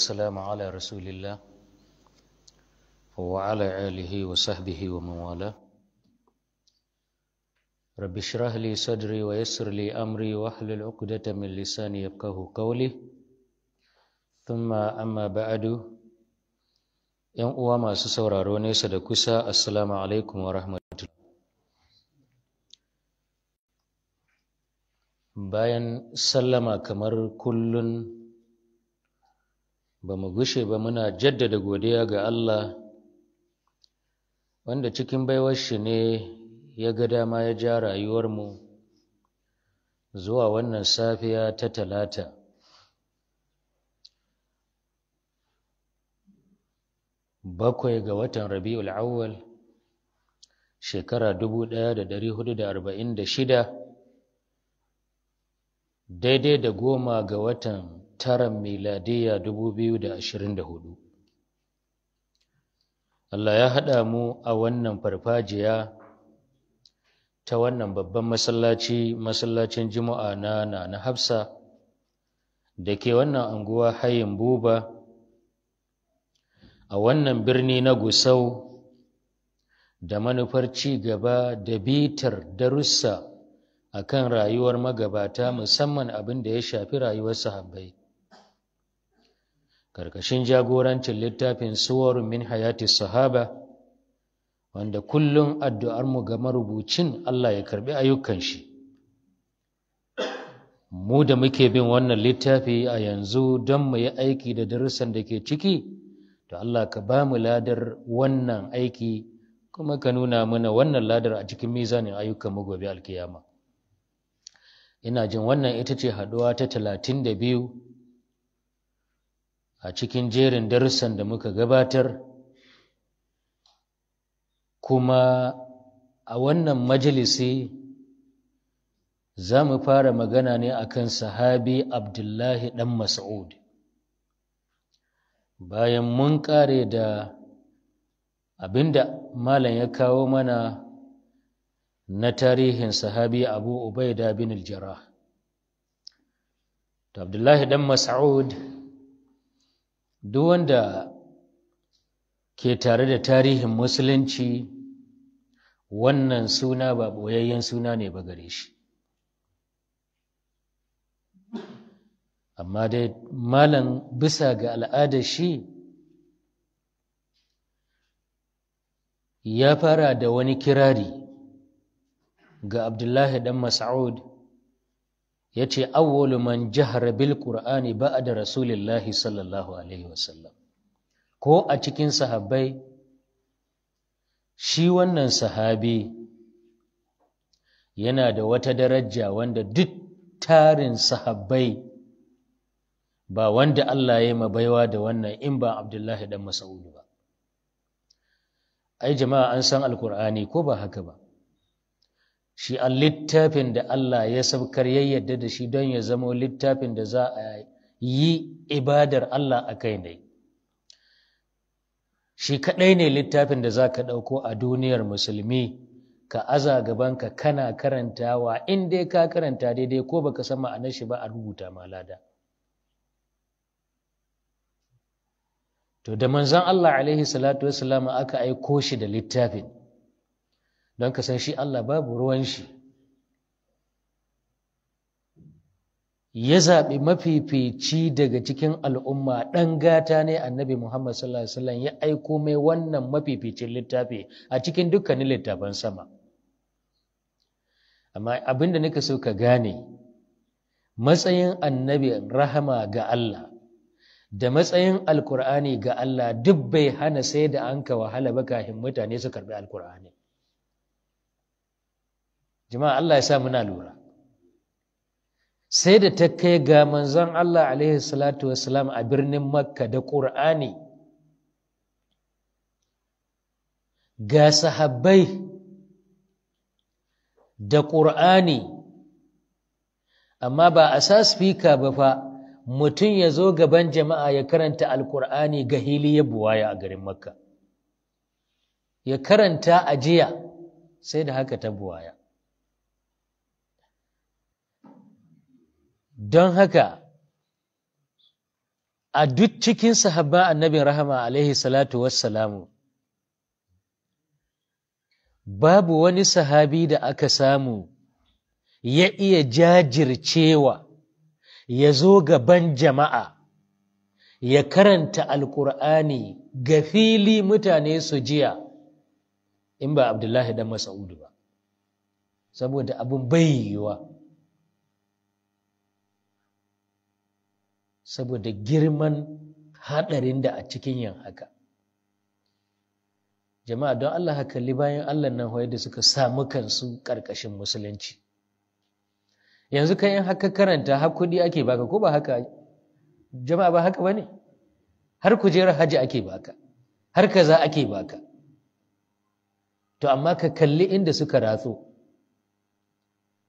السلام على رسول الله وعلى آله وصحبه ومن والاه رب اشرح لي صدري ويسر لي أمري واحلل عقدة من لساني يفقه قولي ثم أما بعد ‘Yan uwa masu sauraro nesa da kusa, Assalamu alaikum wa rahmatullahi. Bayan sallama kamar kullun ba mu gushe ba muna jaddada godiya ga Allah wanda cikin baiwar shi ne ya ga dama ya ja rayuwarmu zuwa wannan safiya ta talata bakwai ga watan rabi'ul awwal shekara dubu hudu da arba'in da shida daidai da goma ga watan tara miladiyya hudu. Allah ya haɗa mu a wannan farfajiya ta wannan babban masallaci masallacin juma'a na na hafsa da ke wannan anguwa hayin buba a wannan birni na gusau da manufar ci gaba da bitar darussa kan rayuwar magabata musamman abin da ya shafi rayuwar sahabbai karkashin jagorancin littafin suwarun min hayati sahaba wanda kullum addu'armu ga marubucin Allah ya karɓi ayyukan shi mu da muke bin wannan littafi a yanzu don mu yi aiki da darussan da ke ciki to Allah ka ba mu ladar wannan aiki kuma ka nuna mana wannan ladar a cikin mizanin ayyukan mu gobe alkiyama ina jin wannan ita ce haɗuwa ta talatin da biyu a cikin jerin darussan da muka gabatar kuma a wannan majalisi za mu fara magana ne akan sahabi abdullahi ɗan mas'ud bayan mun ƙare da abinda malam ya kawo mana na tarihin sahabi abu ubaida bin al-jarrah to abdullahi dan mas'ud duk wanda ke tare da tarihin musulunci wannan suna ba ɓoyayyen suna ne ba gare shi amma dai malam bisa ga al'adar shi ya fara da wani kirari ga abdullahi dan mas'ud ya ce Auwalu man jahara bil da da rasulillahi sallallahu alaihi wasallam ko a cikin sahabbai shi wannan sahabi yana da wata daraja wanda duk tarin sahabbai ba wanda Allah ya yi mabaiwa da wannan in ba Abdullahi dan Mas'ud ba ai jama'a an san alkur'ani ko ba haka ba shi a littafin da Allah ya sabkar ya yadda da shi don ya zamo littafin da za a yi ibadar Allah a kai ne shi kaɗai ne littafin da za ka ɗauko a duniyar musulmi ka aza gaban ka, kana karantawa in dai ka karanta daidai ko baka san ma'anar shi ba a rubuta malada to da manzan Allah alaihi salatu aka aiko shi da littafin don ka san shi Allah babu ruwan shi ya zaɓi mafifici daga cikin al'umma ɗan gata ne annabi Muhammad sallallahu Alaihi wasallam ya aiko mai wannan mafificin littafi a cikin dukkanin littafan sama amma abinda nika so ka gane matsayin annabi rahama ga Allah da matsayin alkur'ani ga Allah duk bai hana sai da an ka wahala ba kafin mutane su karbi alkur'ani jama'a Allah ya sa muna lura sai da ta kai ga manzon Allah alaihi salatu wassalam a birnin Makka da ƙur'ani, ga sahabbai da ƙur'ani, amma ba a sa speaker ba fa mutum ya zo gaban jama'a ya karanta alkur'ani ga hili ya buwaya a garin makka ya karanta ajiya sai da haka ta buwaya don haka a duk cikin sahaba annabin rahama alaihi salatu wassalamu babu wani sahabi da aka samu ya iya jajircewa ya zo gaban jama'a ya karanta alkur'ani ga fili mutane su jiya in ba abdullahi dan masa'udu ba saboda abin bai yiwuwa saboda girman haɗarin da a cikin yin haka jama'a don Allah kalli bayan Allah nan da suka samu kansu ƙarƙashin musulunci yanzu ka yin haka karanta har ake baka ko ba haka jama'a ba haka ba ne har kujerar hajji ake baka har kaza ake baka to amma ka kalli inda suka ratso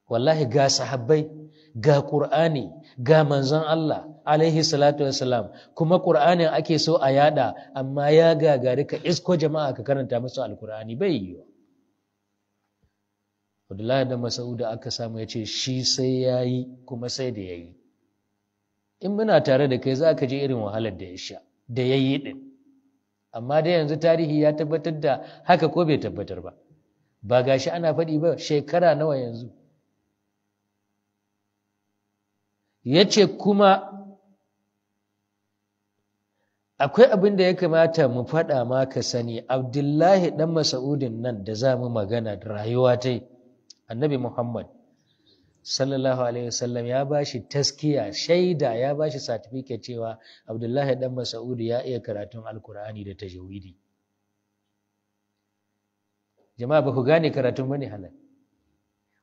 wallahi ga sahabbai ga ƙur'ani ga manzon Allah alaihi salatu Salam), kuma ƙur'anin ake so a yada amma ya gagari ka isko jama'a ka karanta musu alƙur'ani bai yiwa. Abdullahi da Mas'uda aka samu ya ce shi sai ya yi kuma sai da ya yi in muna tare da kai za ka je irin wahalar da ya sha da ya yi ɗin amma dai yanzu tarihi ya tabbatar da haka ko bai tabbatar ba ba gashi ana faɗi ba shekara nawa yanzu ya ce kuma akwai abin da ya kamata mu faɗa ma ka sani abdullahi ɗan masa'udin nan da za mu magana da rayuwa ta annabi muhammad sallallahu alaihi wasallam ya ba shi taskiya shaida ya ba shi satifike cewa abdullahi ɗan masaudi ya iya karatun alkur'ani da tajawidi jama'a ba ku gane karatun bane halal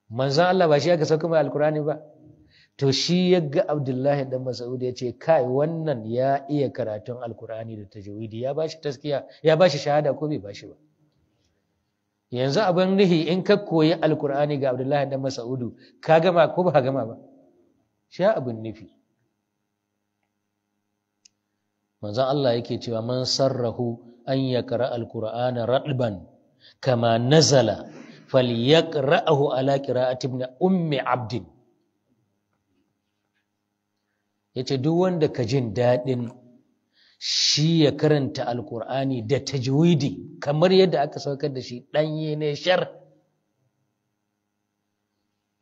manzon allah ba shi aka sauka mai alkur'ani ba to shi ya ga abdullahi dan masaudi ya ce kai wannan ya iya karatun alkur'ani da tajwidi ya bashi taskiya ya bashi shahada ko bai bashi ba yanzu abin nihi in ka koyi alkur'ani ga abdullahi dan Masa'udu ka gama ko ba gama ba sha abin nufi manzon Allah yake cewa man sarrahu an yaqra alqur'ana radban kama nazala falyaqra'ahu ala qira'ati ibn ummi abdin ya ce duk wanda ka jin daɗin shi ya karanta alkur'ani da tajwidi kamar yadda aka saukar da shi ɗanye ne shar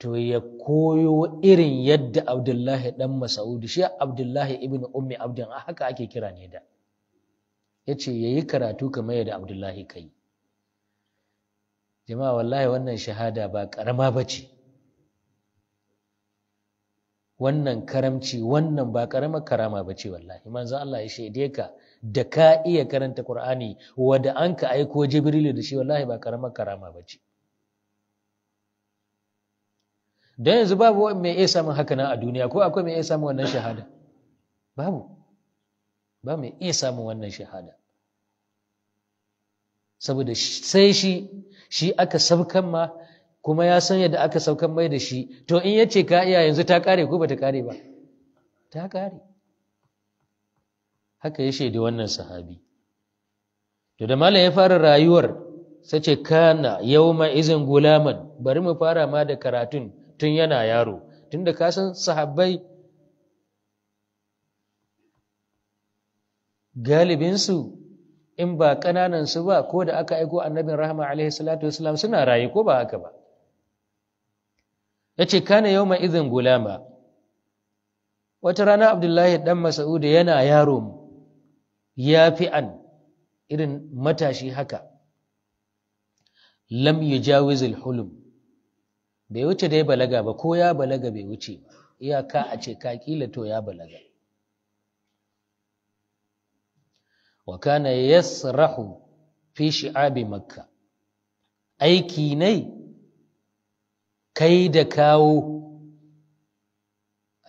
to ya koyo irin yadda abdullahi ɗan masaudi shi abdullahi ibn ummi abdin a haka ake kira ne da ya ce ya yi karatu kamar yadda abdullahi ka yi jama'a wallahi wannan shahada ba ƙarama ba ce wannan karamci wannan ba karamar karama ba ce wallahi manzon Allah ya shaide ka da ka iya karanta Qur'ani wanda an ka aiko Jibril da shi wallahi ba karamar karama ba ce don yanzu babu mai iya samun haka nan a duniya ko akwai mai iya samun wannan shahada babu ba mai iya samun wannan shahada saboda sai shi shi aka sabkan ma kuma ya san yadda aka saukan mai da shi to in yace ka iya yanzu ta kare ko ba ta kare ba ta kare haka ya shaidi wannan sahabi to da malam ya fara rayuwar sai ce kana yauma izin gulaman bari mu fara ma da karatun tun yana yaro tunda ka san sahabbai galibinsu in ba su ba ko da aka aiko annabin rahama alaihi salatu wasalam suna raye ko ba haka ba yace kana mai izin gulama wata rana Abdullahi dan Mas'ud yana yaro yafi an irin matashi haka lam yujawizul hulum bai wuce dai balaga ba ko ya balaga bai wuce ba iyaka a ce ka kila to ya balaga Wakana kana yasrahu fi shi'abi makka aiki ne kai da kawo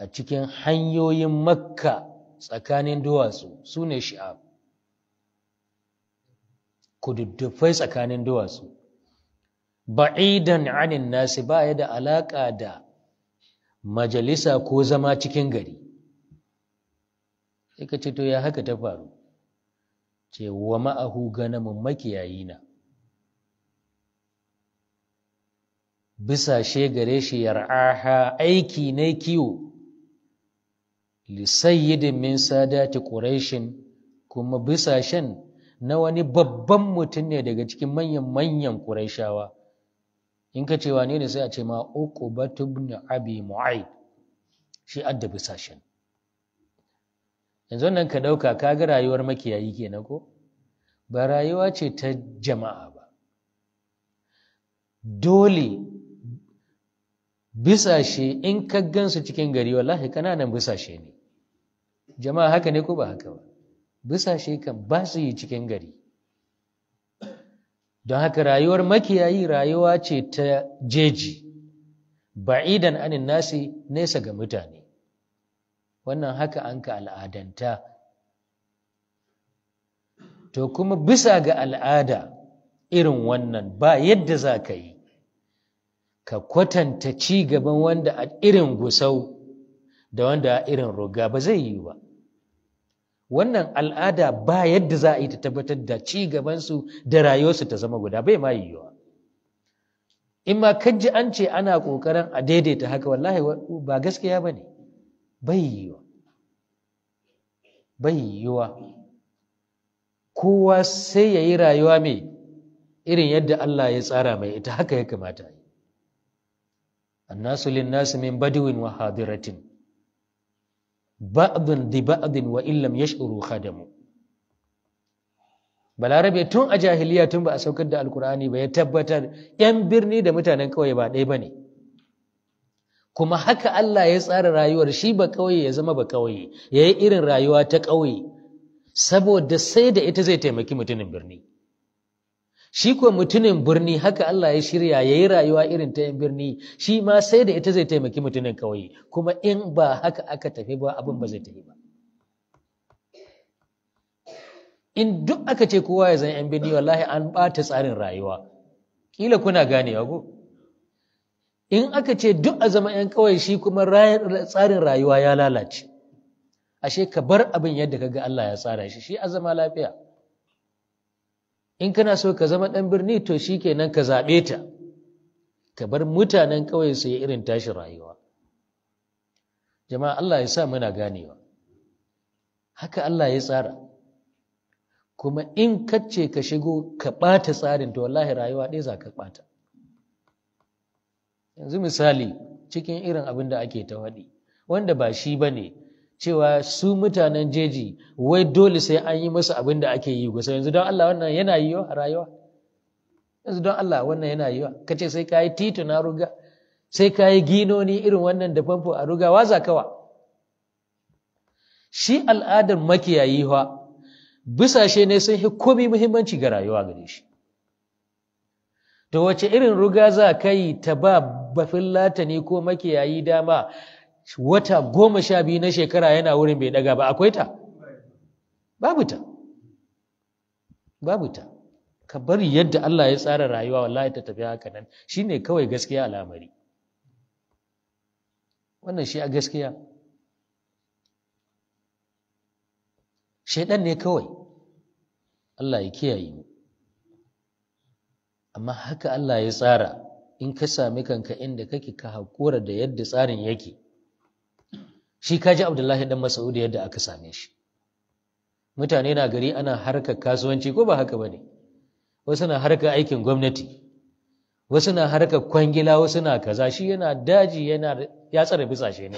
a cikin hanyoyin makka tsakanin duwatsu su ne Ku kududdufai tsakanin duwatsu ba'idan anin nasi ba ya da alaƙa da majalisa ko zama cikin gari sai ka ce to ya haka ta faru ce wa ma'ahu ganamin makiyayi na bisa she gare shi yar'aha aiki ne kiwo li sayyidin min sadati quraishin kuma bisa shan na wani babban mutum ne daga cikin manyan manyan quraishawa in ka ce wane ne sai a ce ma uqbatu ibn abi mu'ayd shi adda bisa shan yanzu nan ka ɗauka ka ga rayuwar makiyayi kenan ko ba rayuwa ce ta jama'a ba dole bisashe in ka gansu cikin gari wallahi kananan bisashe ne jama'a haka ne ko ba haka ba bisashe kan ba su yi cikin gari don haka rayuwar makiyayi rayuwa ce ta jeji ba ba'idan anin nasi nesa ga mutane wannan haka an ka al'adanta to kuma bisa ga al'ada irin wannan ba yadda za ka yi ka kwatanta ci gaban wanda a irin gusau da wanda a irin roga ba zai yi ba wannan al'ada ba yadda za a yi ta tabbatar da ci gabansu da rayuwarsu ta zama guda bai ma yiwuwa in ma kan ji an ce ana ƙoƙarin a daidaita haka wallahi ba gaskiya ba ne bai yiwuwa bai yiwuwa kowa sai ya yi rayuwa mai irin yadda Allah ya tsara mai ita haka ya kamata yi annasu linnasu min badwin wa hadiratin ba'dun di ba'din wa illam yash'uru khadamu balarabe tun a jahiliya tun ba a saukar da alkur'ani ba ya tabbatar yan birni da mutanen kauye ba ɗaya ba ne kuma haka Allah ya tsara rayuwar shi ba kauye ya zama ba kauye ya yi irin rayuwa ta kauye saboda sai da ita zai taimaki mutumin birni shi kuwa mutumin birni haka Allah ya shirya ya yi rayuwa irin ta yan birni shi ma sai da ita zai taimaki mutumin kawai. kuma in ba haka aka tafi ba abin ba zai tafi ba in duk aka ce kowa ya zan yan birni wallahi an ɓata tsarin rayuwa kila kuna gane ko in aka ce duk a zama yan kawai shi kuma tsarin rayuwa ya lalace ashe ka bar abin yadda ka ga Allah ya tsara shi shi a zama lafiya in kana so ka zama ɗan birni to shi kenan ka zaɓe ta ka bar mutanen kawai su yi irin tashi rayuwa jama'a Allah ya sa muna ganewa haka Allah ya tsara kuma in kacce ka shigo ka ɓata tsarin to wallahi rayuwa ɗaya za ka ɓata yanzu misali cikin irin abin da ake ta waɗi wanda ba shi ba ne cewa su mutanen jeji wai dole sai an yi musu abin da ake yi gusa yanzu don Allah wannan yana yi a rayuwa yanzu don Allah wannan yana yi ka ce sai ka yi titi na ruga sai ka yi ginoni irin wannan da famfo a ruga waza kawa shi al'adar makiyayi bisa shi ne sun fi muhimmanci ga rayuwa gare shi to wace irin ruga za ka yi ta ba bafin latani ko makiyayi dama wata goma sha biyu na shekara yana wurin bai daga ba akwai ta babu ta babu ta ka bari yadda Allah ya tsara rayuwa wallahi ta tafi haka nan shine kawai gaskiya al'amari wannan shi a gaskiya shaidan ne kawai Allah ya kiyaye mu amma haka Allah ya tsara in ka sami kanka inda kake ka haƙura da yadda tsarin yake shi kaji abdullahi dan mas'ud yadda aka same shi mutane na gari ana harkar kasuwanci ko ba haka ba ne wasu na harkar aikin gwamnati wasu na harkar kwangila wasu na kaza shi yana daji yana ya tsare shi ne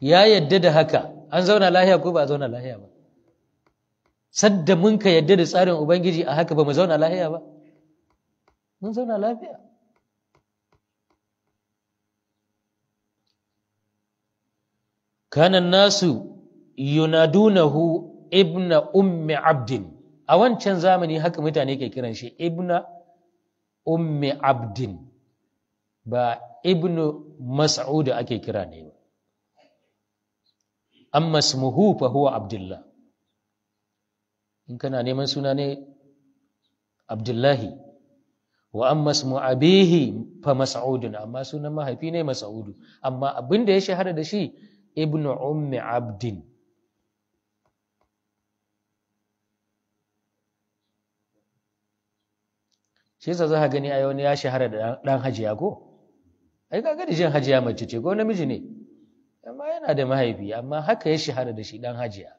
ya yadda da haka an zauna lahiya ko ba a zauna lahiya ba sadda mun ka yadda da tsarin ubangiji a haka ba mu zauna lahiya ba mun zauna lafiya kana nasu yunadunahu ibna ummi abdin a wancan zamani haka mutane ke kiran shi ibna ummi abdin ba ibnu mas'ud ake kira ne ba amma smuhu fa huwa abdullah in kana neman suna ne abdullahi wa amma smu abihi fa mas'udun amma sunan mahaifi ne mas'udu amma abinda ya shahara da shi Ibnu ummi abdin shi yasa za ka gani a wani ya shahara da ɗan hajiya ko ai ka gani jin hajiya mace ce ko namiji ne amma yana da mahaifi amma haka ya shahara da shi ɗan hajiya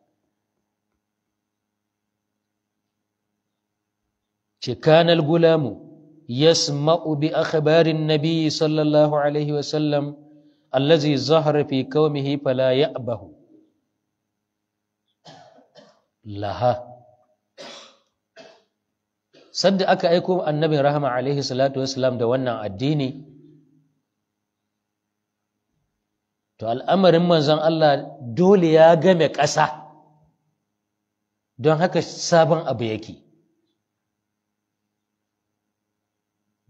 ce kanal gulamu yasma'u bi akhbarin nabi sallallahu alaihi wasallam allazi zahara fi qaumihi fala ya'bahu laha sadda aka aiko annabin rahama alaihi salatu wassalam da wannan addini to al'amarin manzon Allah dole ya game ƙasa don haka sabon abu yake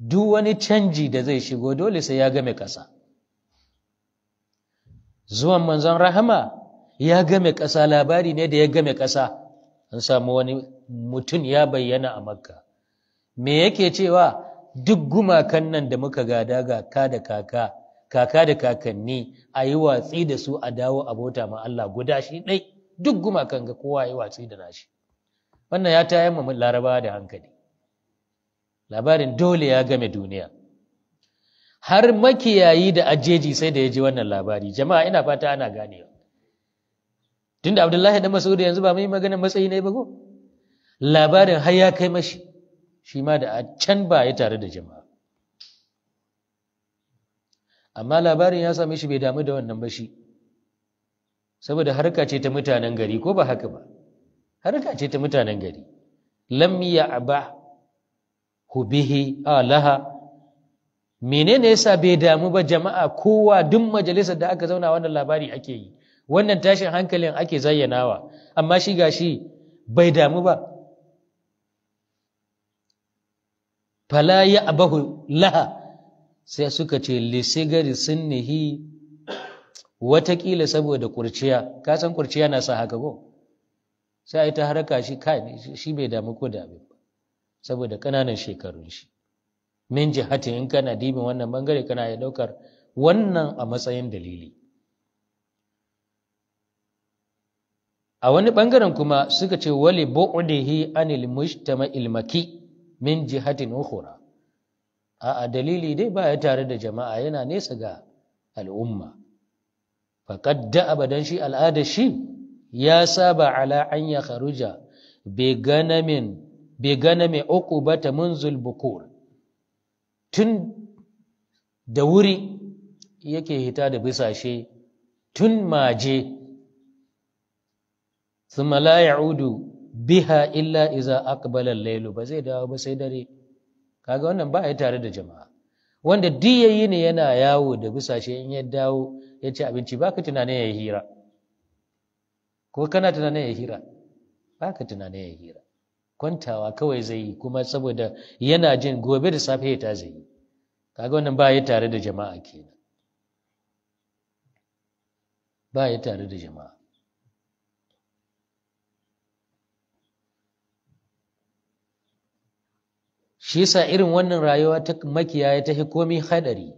duk wani canji da zai shigo dole sai ya game ƙasa zuwan manzon rahama ya game ƙasa labari ne da ya game ƙasa an samu wani mutum ya bayyana a makka me yake cewa duk gumakan nan da muka gada ga ka da kaka kaka da kakanni a yi watsi da su a dawo abota ma Allah guda shi ɗai duk gumakan ga kowa yi watsi da nashi wannan ya tayar mu laraba da hankali labarin dole ya game duniya har makiyayi da ajeji sai da ya ji wannan labari jama'a ina fata ana gane ganewa tunda abdullahi da masu yanzu ba mai magana matsayi ne ba ko labarin har ya kai mashi shi ma da a can ba ya tare da jama'a amma labarin ya same shi bai damu da wannan ba shi saboda harka ce ta mutanen gari ko ba haka ba harka ce ta mutanen gari lam ya'ba hubihi alaha menene yasa bai damu ba jama'a kowa duk majalisar da aka zauna wannan labari ake yi wannan tashin hankalin ake zayyanawa amma shi gashi bai damu ba fala ya abahu laha sai suka ce lisigari sunnihi watakila saboda kurciya ka san kurciya na sa haka ko sai ai ta haraka shi kai shi bai damu ko da abin saboda kananan shekarun shi min jihatin in kana dibin wannan bangare kana ya daukar wannan a matsayin dalili a wani bangaren kuma suka ce wali bu'dihi anil mujtama'il maki min jihatin ukhra a dalili dai ba ya tare da jama'a yana nesa ga al'umma faqad ba abadan shi al'ada shi ya saba ala an ya kharuja bi ganamin bi ganami uqubata munzul bukur tun da wuri yake hita da bisashe tun maje thumma la ya'udu biha illa iza aqbala al-layl ba zai dawo ba sai dare kaga wannan ba yi tare da jama'a wanda duk yayi ne yana yawo da bisashe in ya dawo ya ci abinci baka tunanin ya hira ko kana tunanin ya hira baka tunanin ya hira kwantawa kawai zai yi kuma saboda yana jin gobe da safe ta zai yi kaga wannan ba ya tare da jama'a kenan ba ya tare da jama'a shi yasa irin wannan rayuwa ta makiyaya ta komi hadari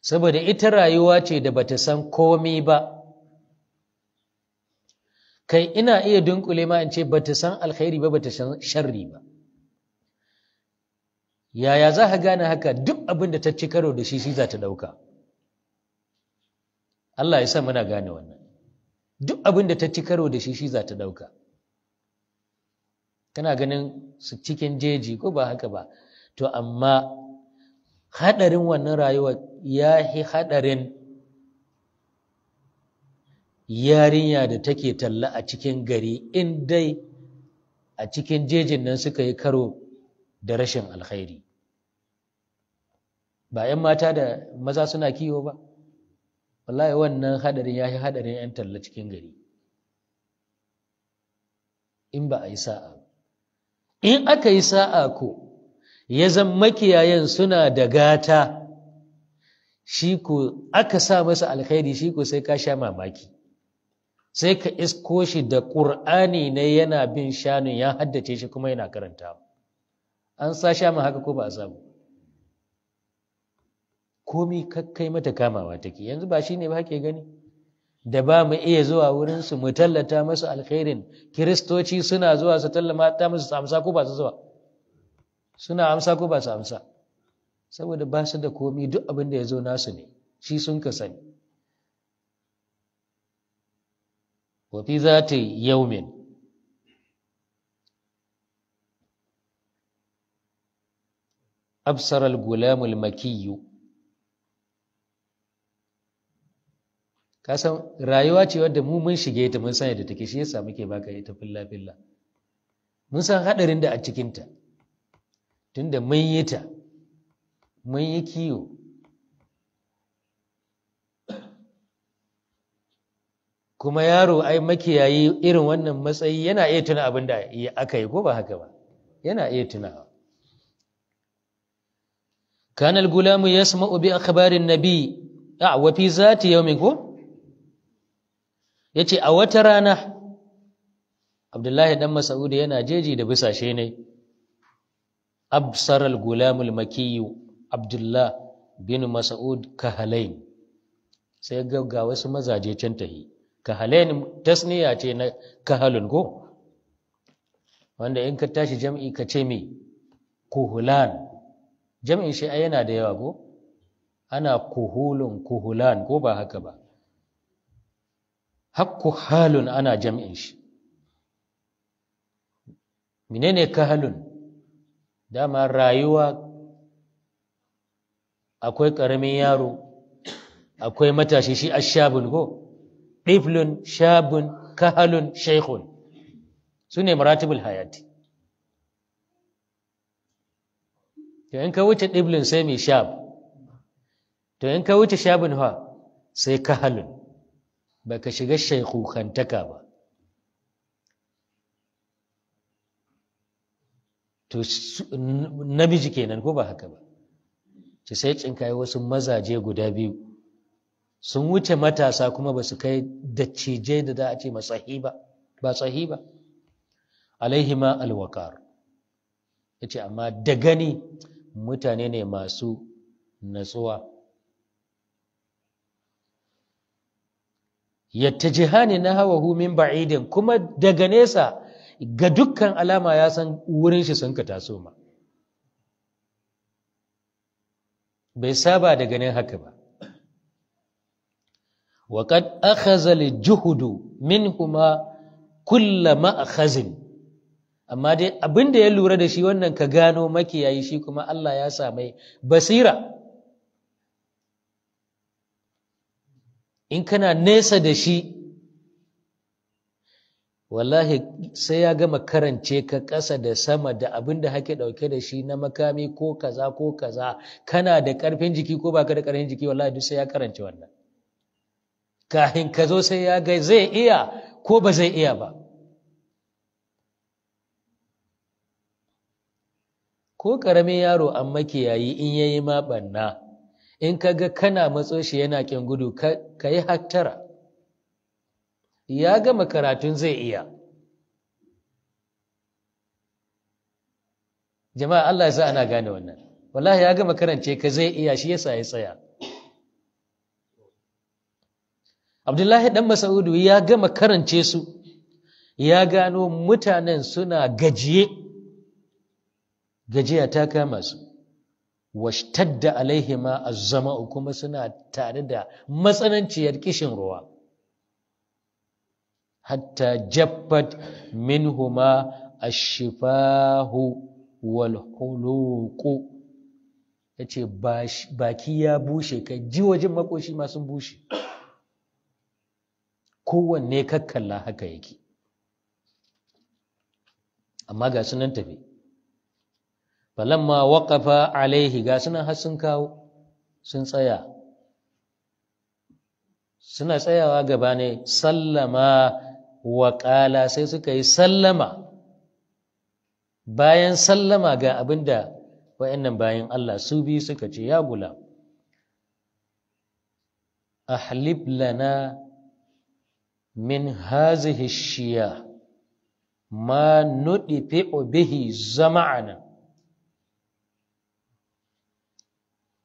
saboda ita rayuwa ce da bata san komi ba kai ina iya dunkule ma in ce ba ta san alkhairi ba ba ta san sharri ba yaya za ka gane haka duk abin da ta ci karo da shi shi za ta ɗauka Allah ya sa muna gane wannan duk abin da ta ci karo da shi shi za ta ɗauka kana ganin su cikin jeji ko ba haka ba to amma haɗarin wannan rayuwa ya yi haɗarin yarinya da take talla a cikin gari in dai a cikin jejin nan suka yi karo da rashin alkhairi ba 'yan mata da maza suna kiwo ba wallahi wannan hadarin ya yi hadarin 'yan talla cikin gari in ba a yi sa'a in aka yi sa'a ko ya zan makiyayen suna da gata shi ko aka sa masa alkhairi shi ko sai ka sha mamaki sai ka isko shi da ƙur'ani ne yana bin shanun ya haddace shi kuma yana karanta an sa sha haka ko ba a samu komi kakkai mata kamawa take yanzu ba shi ne ba ke gani da ba mu iya zuwa wurinsu mu tallata masu alkhairin kiristoci suna zuwa su tallata masu su amsa ko ba su zuwa suna amsa ko ba su amsa saboda ba su da komi duk abin da ya zo nasu ne shi sun ka sani wa fi yi yaumin absara gulamul gulam kasan rayuwa ce wadda mu mun shige ta mun san yadda take shi yasa muke baka ita filla filla mun san hadarin da a cikinta tunda mun yi ta mun yi kiyo kuma yaro ai makiyayi irin wannan matsayi yana iya tuna abin da aka yi ko ba haka ba yana iya tuna kana al-gulamu yasma'u bi akhbarin nabi a wa fi zati yawmin ko yace a wata rana Abdullahi dan Mas'ud yana jeji da bisashe ne absar al-gulamu al Abdullah bin Mas'ud kahalain sai ga wasu mazaje can tahi kahalen tasniya ce na kahalun ko wanda in ka tashi jam'i ka ce me kuhulan jam'in shi ai yana da yawa ko ana kuhulun kuhulan ko ba haka ba hakku halun ana jam'in shi menene kahalun dama rayuwa akwai ƙaramin yaro akwai matashi shi ashabul ko ɗiflun shabun kahalun shaikhun su ne maratibul hayati to in ka wuce ɗiflun sai mai shab to in ka wuce shabun ha sai kahalun ba ka shiga kantaka ba to namiji kenan ko ba haka ba ci sai tsinkaye wasu mazaje guda biyu sun wuce matasa kuma ba su kai dattijai da za a ce ba ba tsahi ba alaihima alwakar ya ce amma da gani mutane ne masu natsuwa yatta jihani na hawa min ba'idin kuma daga nesa ga dukkan alama ya san wurin shi sun ka taso ma bai saba da ganin haka ba وقد qad الجهد منهما كل minhuma kulla amma dai abin da ya lura da shi wannan ka gano makiyayi shi kuma Allah ya samai basira in kana nesa da shi wallahi sai ya gama karance ka ƙasa da sama da abin da hake ɗauke da shi na makami ko kaza ko kaza kana da ƙarfin jiki ko baka da ƙarfin jiki wallahi duk sai ya karance wannan kahin ka zo sai ya ga zai iya ko ba zai iya ba ko ƙaramin yaro an makiyayi in ya yi ma in ka ga kana matso shi yana ƙin gudu ka yi hattara ya gama karatun zai iya jama'a Allah ya sa ana gane wannan wallahi ya gama karance ka zai iya shi yasa ya tsaya abdullahi ɗan mas'udu ya gama karance su ya gano mutanen suna gajiye gajiya ta kama su washtadda alaihima zama kuma suna tare da matsananciyar kishin ruwa hatta jaffat minhuma shifahu wal ya yace baki ya bushe ji wajen makoshi masu bushe kowanne kakkalla haka yake amma ga sunan tafi falamma waƙafa alaihi ga sunan har sun kawo sun tsaya suna tsayawa gaba ne sallama wa sai suka yi sallama bayan sallama ga abin da bayan Allah su biyu suka ce ya gula ahlib lana min hazihi shiya ma nudifi bihi zama'ana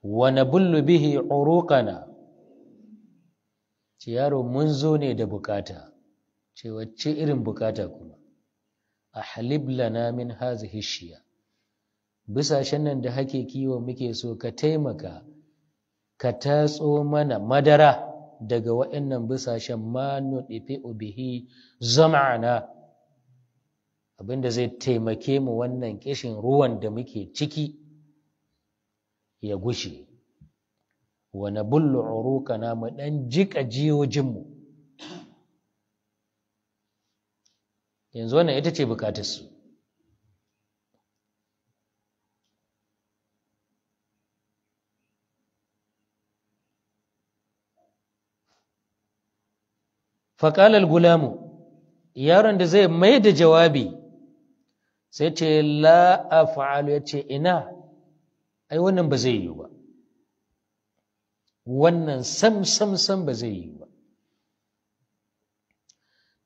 wa nabullu bihi uruqana yaro mun zo ne da bukata ce irin bukata kuma a lana min hazihi shiya bisashen nan da hake kiwo muke so ka taimaka ka tatso mana madara daga waɗannan bisashen ma nuɗifi bihi zama'ana abinda zai taimake mu wannan kishin ruwan da muke ciki ya gushe wani na bullu na mu ɗan jika jiyojinmu yanzu wannan ita ce bukatarsu faƙalar gulamu yaron da zai mai da jawabi sai ce la'afa'alu ya ce ina ai wannan ba zai yi ba wannan sam sam sam ba zai yi ba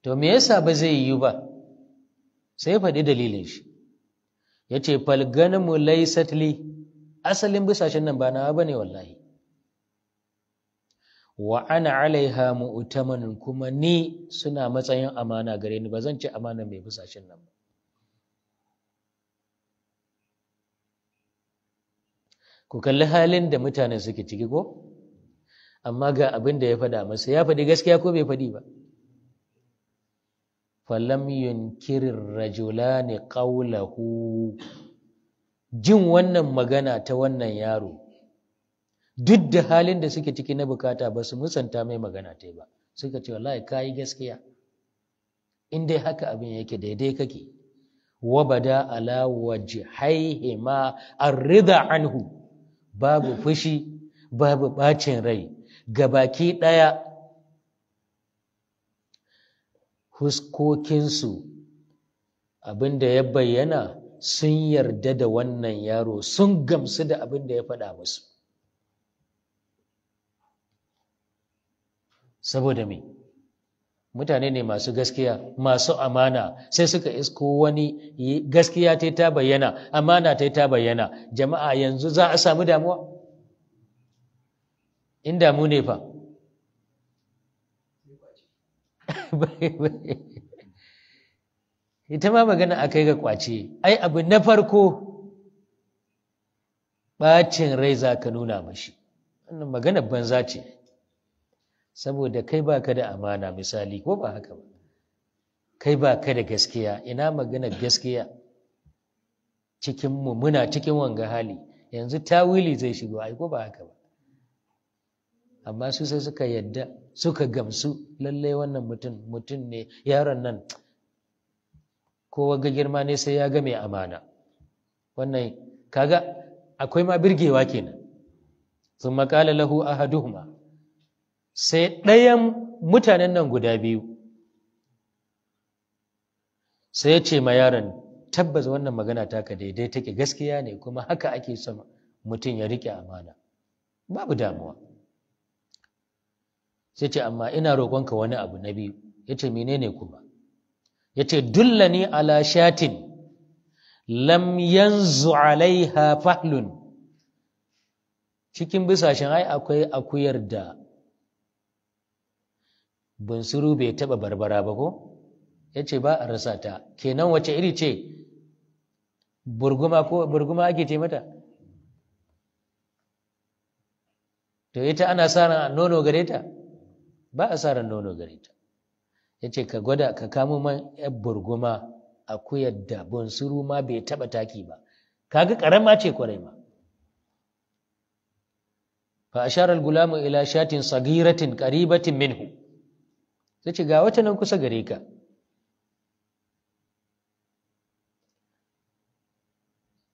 to me yasa ba zai yi ba sai faɗi dalilin shi ya ce falganamu laisatli asalin bisashen nan ba na ba ne wallahi wa ana mu mu'tamanun kuma ni suna matsayin amana gare ni ba zan ci amana mai fusashin nan ba ku kalli halin da mutane suke ciki ko amma ga abin da ya faɗa masa ya faɗi gaskiya ko bai faɗi ba falam yunkirin rajulani qawlahu jin wannan magana ta wannan yaro duk da halin da suke ciki na bukata ba su musanta mai magana ta ba suka ce wallahi yi gaskiya in dai haka abin yake daidai kake wa bada ala wajhaihi ma arrida anhu babu fushi babu bacin rai gabaki ɗaya. huskokinsu abin da ya bayyana sun yarda da wannan yaro sun gamsu da abin da ya faɗa musu saboda me mutane ne masu gaskiya masu amana sai suka isko wani gaskiya ta ta bayyana amana ta ta bayyana jama'a yanzu za a samu damuwa in damu ne fa ita ma magana a kai ga kwace ai abu na farko ɓacin rai za ka nuna mashi wannan magana banza ce saboda kai ba ka da amana misali ko ba haka ba kai ba ka da gaskiya ina magana gaskiya cikinmu muna cikin wanga hali yanzu tawili zai shigo ai ko ba haka ba amma su sai suka yadda suka gamsu lallai wannan mutum mutum ne yaron nan kowa ga girma ne sai ya ga mai amana wannan kaga akwai ma birgewa kenan sun makala lahu ahaduhuma sai ɗayan mutanen nan guda biyu sai ya ce ma yaron tabbas wannan magana taka daidai take gaskiya ne kuma haka ake son mutum ya riƙe amana babu damuwa sai ce amma ina roƙonka wani abu na biyu ya ce menene kuma ya ce dullani ala shatin lam yanzu alaiha fahlun cikin bisashen ai akwai akuyar da bunsuru bai taɓa barbara ba ko ya ce ba a rasa ta kenan wace iri ce burguma ko burguma ake ce mata to ita ana sa nono gare ta ba a sa nono gare ta ya ce ka gwada ka kamo man yan burguma a akuyar da bunsuru ma bai taɓa taki ba kaga ƙarama ce kwarai ma fa asharar gulamu ila shatin sagiratin karibatin minhu ta ce ga wata nan kusa gare ka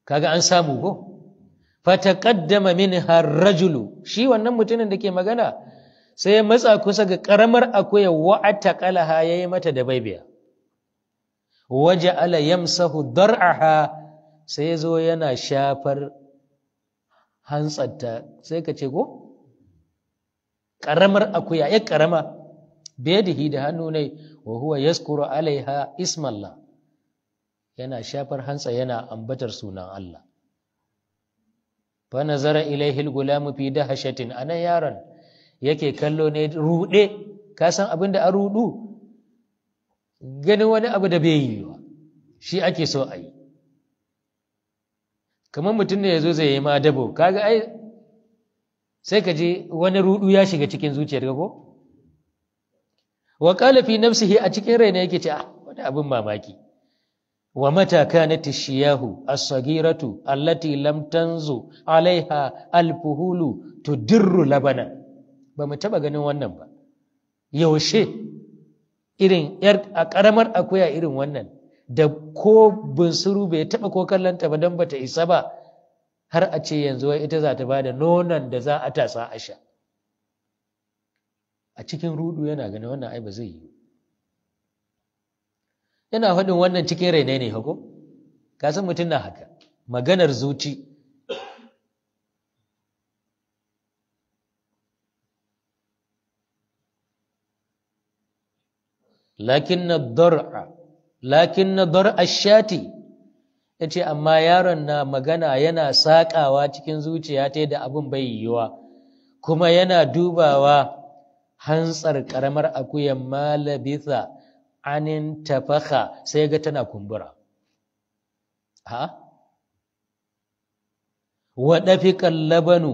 kaga an samu ko fataqaddama minha ar-rajulu shi wannan mutumin da ke magana sai ya matsa kusa ga karamar akuya wa ataqalaha yayi mata da baibiya waja'ala yamsahu dar'aha sai ya zo yana shafar hantsarta sai ka ce ko karamar akuya ya karama Bedihi da hannu ne wa huwa yaskuru alaiha ismallah yana shafar hantsa yana ambatar sunan Allah fa nazara ilaihi al-gulam fi dahshatin ana yaron yake kallo ne rude ka san abin da a rudu ganin wani abu da bai yi ba shi ake so a yi kamar mutum ne ya zo zai yi ma dabo kaga ai sai ka je wani rudu ya shiga cikin zuciyar ko wa qala fi nafsihi a cikin raina yake ce ah wani abin mamaki wa mata na tishiyahu as-sagiratu allati lam tanzu alaiha al-fuhulu tudirru labana ba mu taba ganin wannan ba yaushe irin yar a karamar akuya irin wannan da ko bunsuru bai taba ko kallanta ba dan bata isa ba har a ce yanzu ita za ta bada nonon da za a tasa a sha a cikin rudu yana gani wannan ai ba zai yi yana faɗin wannan cikin rai ne hako ka san mutum na haka maganar zuci lakin na dar'a shati ya amma yaron na magana yana saƙawa cikin zuciya ta da abin bai yiwuwa kuma yana dubawa hantsar ƙaramar akuyan malabitha anin tafaha sai ga tana kumbura ha wa dafiqal labanu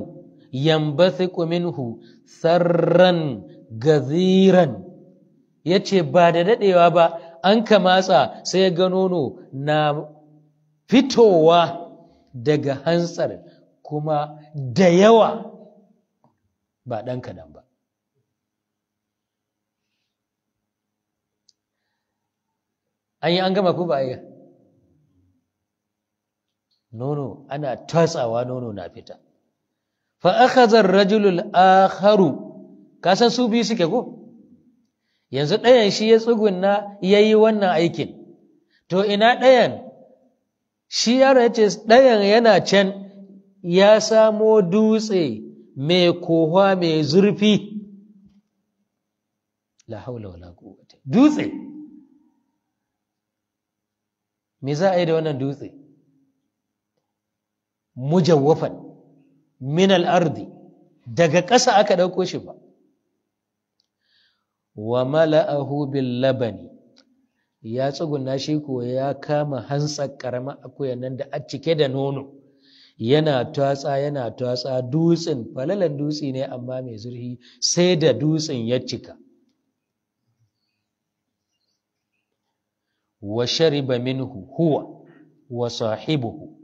yambathiqu minhu sarran gaziran yace ba da daɗewa ba an kamatsa sai ga nono na fitowa daga hantsar kuma da yawa ba ɗan kaɗan ba an yi an gama ko ba yi nono ana tatsawa nono na fita fa akhadha ar-rajulu al-akharu kasan su biyu suke ko yanzu ɗayan shi ya tsugunna yayi wannan aikin to ina ɗayan shi ce ɗayan yana can ya samo dutse mai kowa mai zurfi la haula wala quwwata dutse me za a yi da wannan dutse mujawwafan min al daga ƙasa aka ɗauko shi ba wa mala'ahu bil labani ya tsuguna shi ko ya kama hantsar ƙarama akuya nan da a cike da nono yana tatsa yana tatsa dutsen falalan dutse ne amma mai zurfi sai da dutsen ya cika wa shariba minhu huwa wa sahibuhu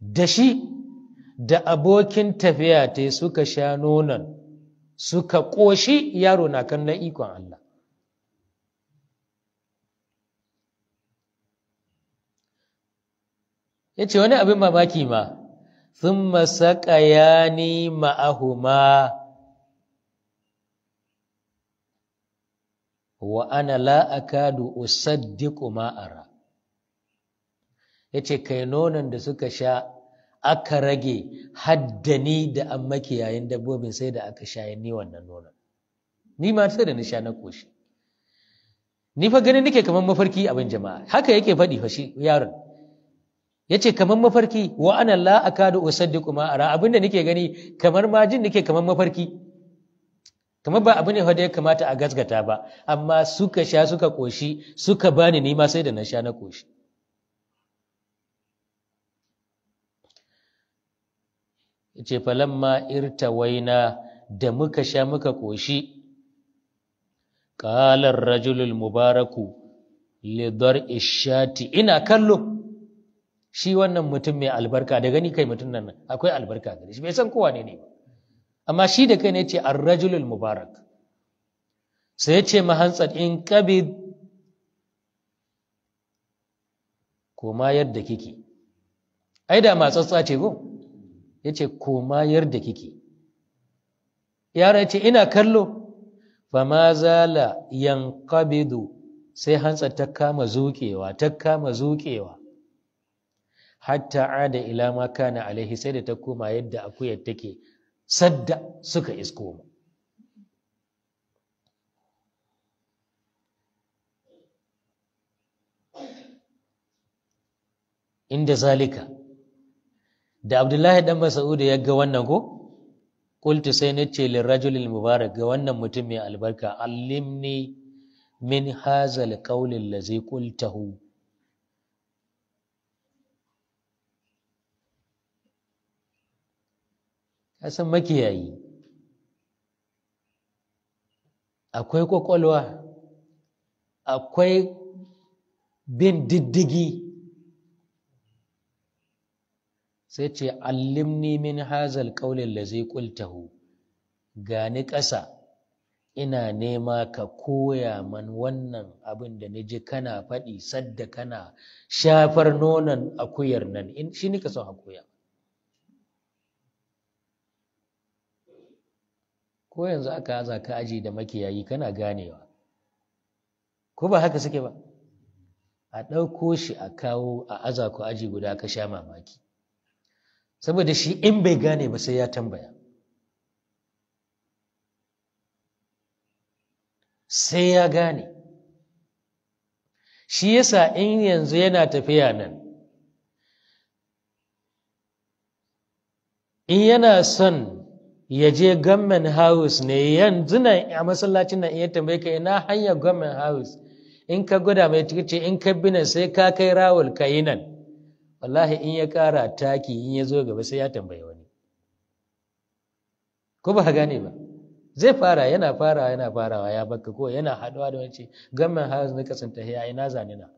da shi da abokin tafiya ta suka sha nonon suka ƙoshi yaro na kan na ikon Allah ya ce wani abin mamaki ma sun masaƙa ya ma'ahuma wa ana usaddi kuma usaddiqu ma ara yace kai nonon da suka sha aka rage haddani da an maki yayin dabbobin sai da aka sha ni wannan nonon ni ma sai da nisha na koshi ni fa ganin nake kamar mafarki abin jama'a haka yake faɗi fa shi yaron ce kamar mafarki wa ana usaddi kuma usaddiqu ma ara abinda nake gani kamar majin jin nake kamar mafarki kamar ba abu ne wanda ya kamata a gasgata ba amma suka sha suka koshi suka bani ni ma sai da na sha na koshi ce falamma waina da muka sha muka koshi qalar rajulul mubaraku li ishati ina kallo shi wannan mutum mai albarka da gani kai mutum nan akwai albarka gare shi bai san kowa ne ne ba amma shi da kai ne ce ar-rajulul mubarak sai ce mahantsar in qabid koma yadda kike ai da tsatsa ce go yace koma yadda kike yara yace ina kallo fa ma zala kabidu, sai hantsar ta kama zuƙewa ta kama zuƙewa hatta ada ila ma kana alaihi sai da ta koma yadda akuyar take sadda suka isko mu inda zalika da abdullahi dan mas'udu ya ga wannan ko qultu sai na ce lirajul mubarak ga wannan mutum mai albarka allimni min hazal qawli allazi qultahu san makiyayi akwai kwakwalwa akwai bin diddigi sai ce allimni min hazal kaulin da zai kultahu gani ƙasa ina nema ka koya man wannan abin da ni ji kana faɗi sadda kana shafar nonon akuyar nan shi ni ka son a ko yanzu aka haza ka aji da makiyayi kana ganewa ko ba haka suke ba a ɗauko shi a kawo a aza ku aji guda ka sha mamaki saboda shi in bai gane ba sai ya tambaya sai ya gane shi yasa in yanzu yana tafiya nan in yana son ya je government house ne yanzu nan a masallacin nan iya tambaye ka ina hanya government house in ka gwada mai ce in ka bi nan sai ka kai rawul ka yi nan wallahi in ya kara taki in ya zo gaba sai ya tambaye wani ko ba gane ba zai fara yana farawa yana farawa ya baka ko yana haduwa da wance government house na kasanta ya ina zane na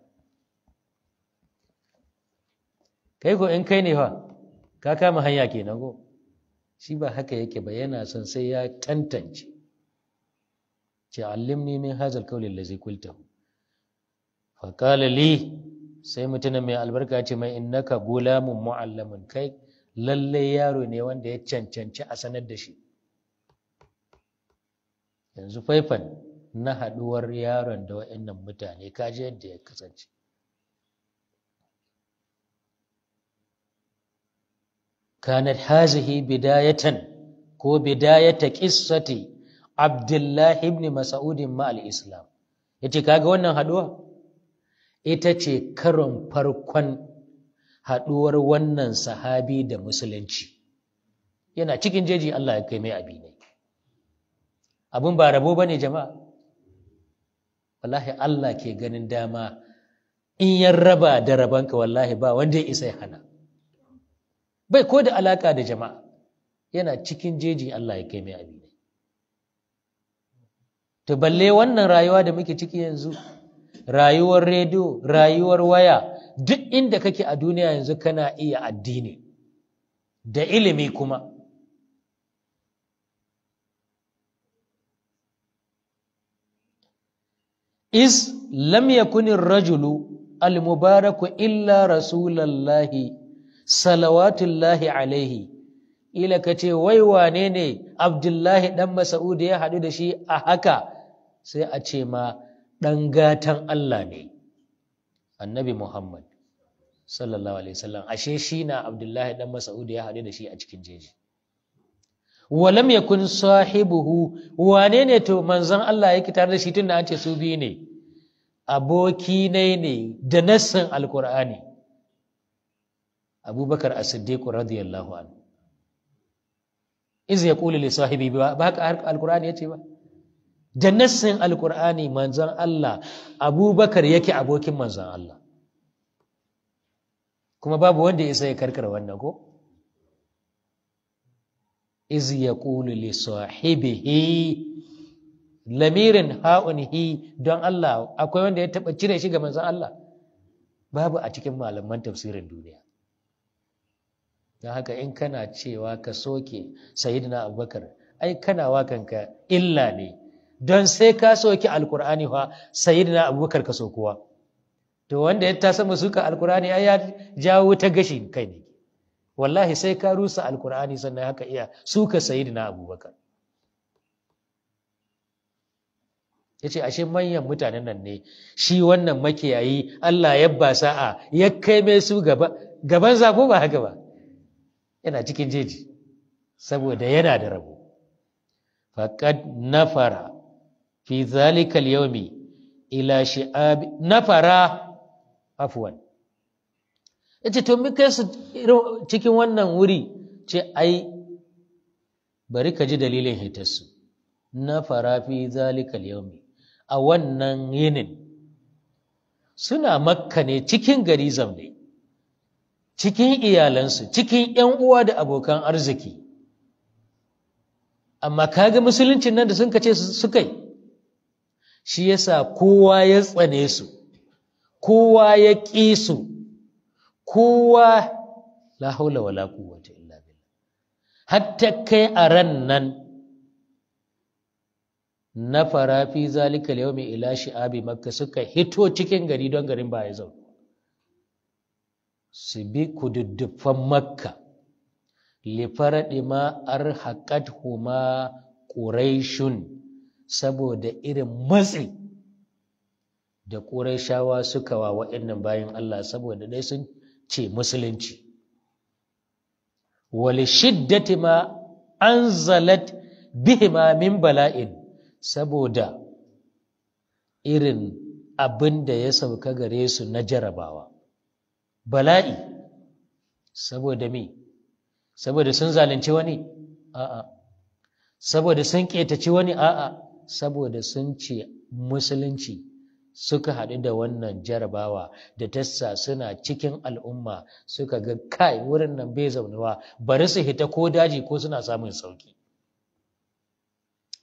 kai ko in kai ne fa ka kama hanya kenan ko shi ba haka yake ba yana son sai ya tantance ce allimni min hazal kauli allazi qultahu fa qala li sai mutumin mai albarka ce mai innaka gulamun mu'allamun kai lalle yaro ne wanda ya cancanci a sanar da shi yanzu faifan na haɗuwar yaron da wa'annan mutane kaji yadda ya kasance kanat hazihi bidayatan ko bidayata qissati Abdullahi ibn Mas'ud ma al-Islam yace kaga wannan haduwa ita ce karon farkon haduwar wannan sahabi da musulunci yana cikin jeji Allah ya kai mai abi ne abun ba rabo bane jama'a wallahi Allah ke ganin dama in ya raba da rabanka wallahi ba wanda ya isa hana bai ko da alaka da jama'a yana cikin jeji Allah ya kai mai abinai to balle wannan rayuwa da muke ciki yanzu rayuwar rediyo rayuwar waya duk inda kake a duniya yanzu kana iya addini da ilimi kuma is lam yakuni rajulu al-mubaraku illa rasulallahi salawatullahi alaihi ila ka ce wai wane ne abdullahi dan mas'ud ya haɗu da shi a haka sai a ce ma ɗan gatan Allah ne annabi Muhammad sallallahu alaihi wasallam ashe shi na abdullahi dan mas'ud ya haɗu da shi a cikin jeji walam yakun sahibuhu wane ne to manzon Allah yake tare da shi tunda an ce su biyu ne aboki ne da nassin alkur'ani abubakar as-siddiq radiyallahu anhu iz yaqulu li sahibi ba alqur'ani yace ba da nassin alqur'ani manzan Allah abubakar yake abokin manzan Allah kuma babu wanda ya sai karkar wannan ko iz yaqulu li sahibihi lamirin ha'un hi don Allah akwai wanda ya taba cire shi ga manzan Allah babu a cikin malaman tafsirin duniya don haka in kana cewa ka soke sayidina abubakar ai kana wakanka illa ne don sai ka soke alkur'ani fa sayidina abubakar ka sokuwa to wanda ya tasa musuka alkur'ani ai ya jawo ta gashin kai ne wallahi sai ka rusa alkur'ani sannan haka iya suka sayidina abubakar ya ce ashe manyan mutanen nan ne shi wannan makiyayi allah ya ba sa'a ya kai mai su gaban zafo ba haka ba yana cikin jeji saboda yana da rabo faƙad nafara fi zalikal yaumi ila shi'ab nafara afwan yace to mun kai su cikin wannan wuri ce ai bari ka ji dalilin hitarsu nafara fi zalikal yaumi a wannan yinin suna makka ne cikin gari zamne cikin iyalansu cikin 'yan uwa da abokan arziki amma kaga musuluncin nan da sun kace su kai shi yasa kowa ya tsane su kowa ya ƙi su kowa la haula wala quwwata illa billah hatta kai a ran nan na farafi zalika yawmi ila shi shi'abi makka suka hito cikin gari don garin ba ya zauna su bi kududdufan makka lifaraɗi ma arhaƙat huma ƙuraishun saboda irin matsi da ƙuraishawa suka wa wa'annan bayan Allah saboda dai sun ce musulunci wal shiddati ma an zalat bihima min bala'in saboda irin abin da ya sauka gare su na jarabawa bala'i saboda me saboda sun zalunci wani a'a saboda sun ƙetaci wani a'a saboda sun ce musulunci suka haɗu da wannan jarabawa da tassa suna cikin al'umma suka ga kai wurin nan bai zaunuwa bari su hita ko daji ko suna samun sauki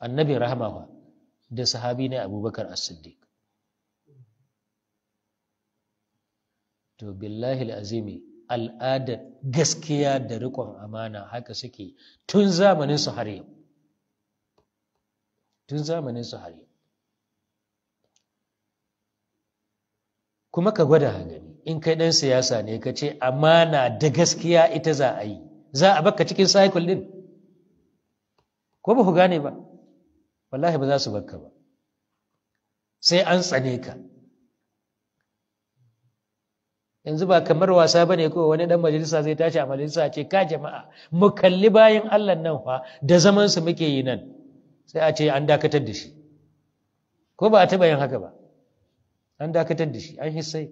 annabi rahama da sahabi ne abubakar as-siddiq to billahi azimi al'adar gaskiya da rikon amana haka suke tun zamanin su har yau tun zamanin su har yau kuma ka gwada gani in kai ɗan siyasa ne ka ce amana da gaskiya ita za a yi za a baka cikin cycle din ko ba ku gane ba wallahi ba za su baka ba sai an tsane ka yanzu ba kamar wasa ba ne kowa wani dan majalisa zai tashi a majalisa ce ka jama'a mu kalli bayan Allah nan fa da zaman su muke yi nan sai a ce an dakatar da shi ko ba a taɓa yin haka ba an dakatar da shi an hissai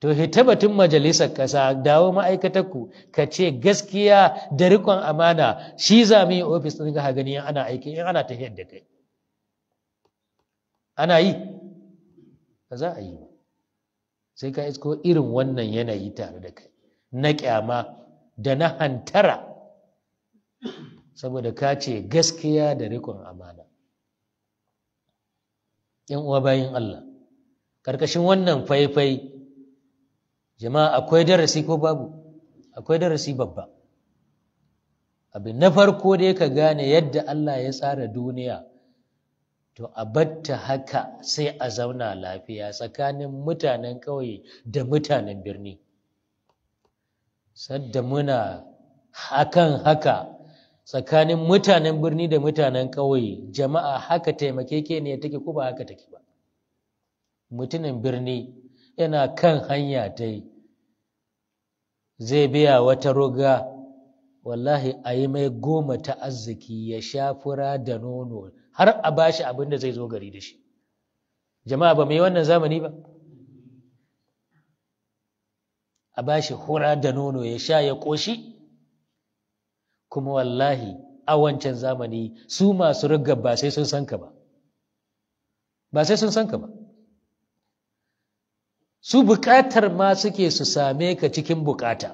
to hitabatun majalisar ƙasa dawo ma'aikatar ku ka ce gaskiya da rikon amana shi za mu yi ofis ɗin ga gani ana aiki in ana tafiyar da kai ana yi ba za a yi ba sai ka isko irin wannan yanayi tare da kai na kyama da na hantara saboda ka ce gaskiya da rikon amana yan uwa bayin Allah Ƙarƙashin wannan faifai jama'a akwai darasi ko babu akwai darasi babba abin na farko dai ka gane yadda Allah ya tsara duniya to a batta haka sai a zauna lafiya tsakanin mutanen ƙauye da mutanen birni sadda muna hakan haka tsakanin mutanen birni da mutanen ƙauye jama'a haka taimakeke ne take ko ba haka take ba mutumin birni yana kan hanya ta yi zai biya wata roga wallahi a yi mai goma ta arziki ya sha fura da nono har a bashi abin da zai zo gari da shi jama'a ba mai wannan zamani ba a ba shi hura da nono ya sha ya ƙoshi kuma wallahi a wancan zamani su masu rigar ba sai sun san ba ba sai sun san ba su bukatar ma suke su same ka cikin bukata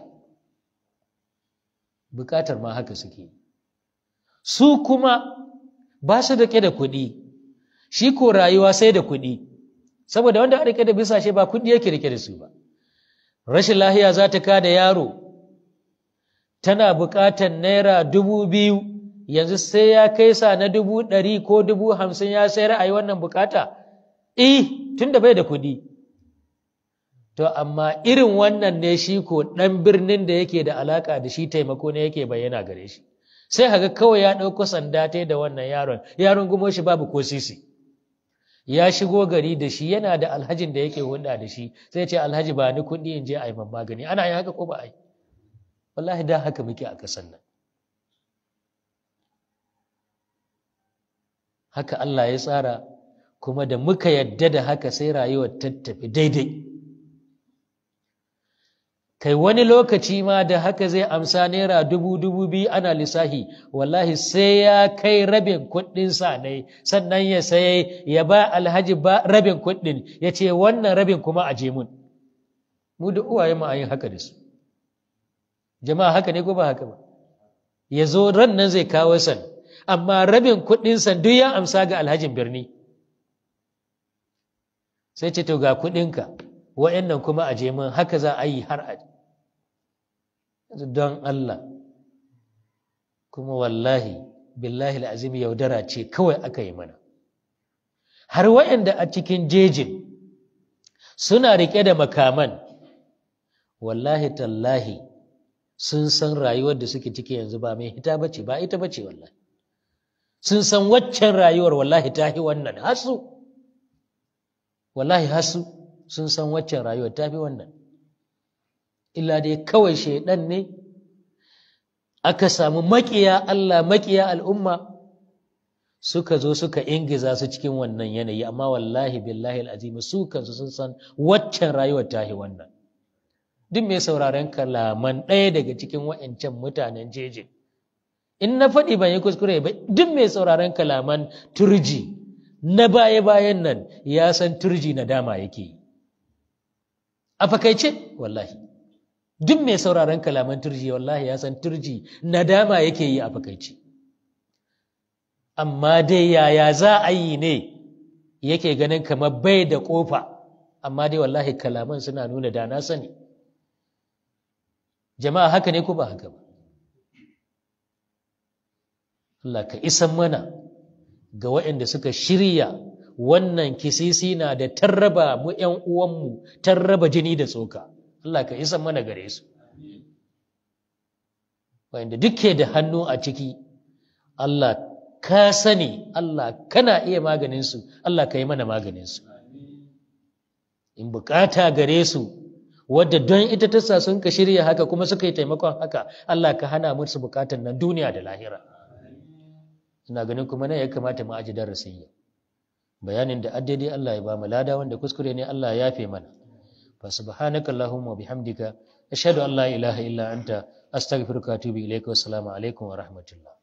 bukatar ma haka suke su kuma ba su rike da kuɗi shi ko rayuwa sai da kuɗi saboda wanda rike da bisa bisashe ba kuɗi yake rike da su ba rashin lahiya za ta kada yaro tana buƙatar naira dubu biyu yanzu sai ya kai sa na dubu ɗari ko dubu hamsin ya sayar a yi wannan buƙata E, tun da bai da kuɗi to amma irin wannan ne shi ko ɗan birnin da yake da alaƙa da shi taimako ne yake bayyana gare shi sai haka kawai ya ɗauko sanda ta da wannan yaron yaron kuma shi babu ko sisi ya shigo gari da shi yana da alhajin da yake hulɗa da shi sai ce alhaji ba ni kuɗi in je a yi magani ana yi haka ko ba a yi wallahi da haka muke a kasan nan haka Allah ya tsara kuma da muka yadda da haka sai rayuwar tattafi daidai kai wani lokaci ma da haka zai amsa naira dubu dubu biyu ana lissahi wallahi sai ya kai rabin kuɗin sa ne sannan ya saye ya ba alhaji ba rabin kuɗin ya ce wannan rabin kuma a mun mu da uwaye mu yin haka da su jama'a haka ne ko ba haka ba ya zo ran nan zai kawo san amma rabin kuɗin sa duk ya amsa ga alhajin birni sai ce to ga kuɗinka wa'annan kuma a mun haka za a yi har a don Allah kuma wallahi billahi azim yaudara ce kawai aka yi mana har wayanda a cikin jejin suna riƙe da makaman wallahi tallahi sun san rayuwar da suke ciki yanzu ba mai hita bace ba ita bace wallahi sun san waccan rayuwar wallahi ta fi wannan hasu wallahi hasu sun san waccan rayuwar ta fi wannan illa dai kawai shaidan ne aka samu makiya Allah makiya al'umma suka zo suka ingiza su cikin wannan yanayi amma wallahi billahi al'azim su kansu sun san waccan rayuwar tahi wannan duk mai sauraren kalaman ɗaya daga cikin wa'ancan mutanen jejin in na faɗi ban yi kuskure ba duk mai sauraren kalaman turji na baya-bayan nan ya san turji na dama yake yi a fakaice wallahi duk mai sauraron kalaman turji wallahi ya san turji nadama yake yi a fakaici amma dai yaya za a yi ne yake ganin kamar bai da ƙofa amma dai wallahi kalaman suna nuna da na sani jama'a haka ne ko ba haka ba Allah ka isan mana ga waɗanda suka shirya wannan kisisi na da tarraba mu ‘yan uwanmu tarraba jini da tsoka Allah ka isa mana gare su wanda duke da hannu a ciki Allah ka sani Allah kana iya maganinsu Allah ka yi mana maganinsu in bukata gare su wadda don ita ta sa sun ka shirya haka kuma suka yi taimakon haka Allah ka hana musu bukatan nan duniya da lahira ina ganin kuma nan ya kamata mu aji darasin yau bayanin da addadi Allah ya ba mu lada wanda kuskure ne Allah ya yafe mana fa subhanaka allahumma bihamdika ashhadu an la ilaha illa anta astaghfiruka wa atubu ilaika wa assalamu alaikum wa rahmatullah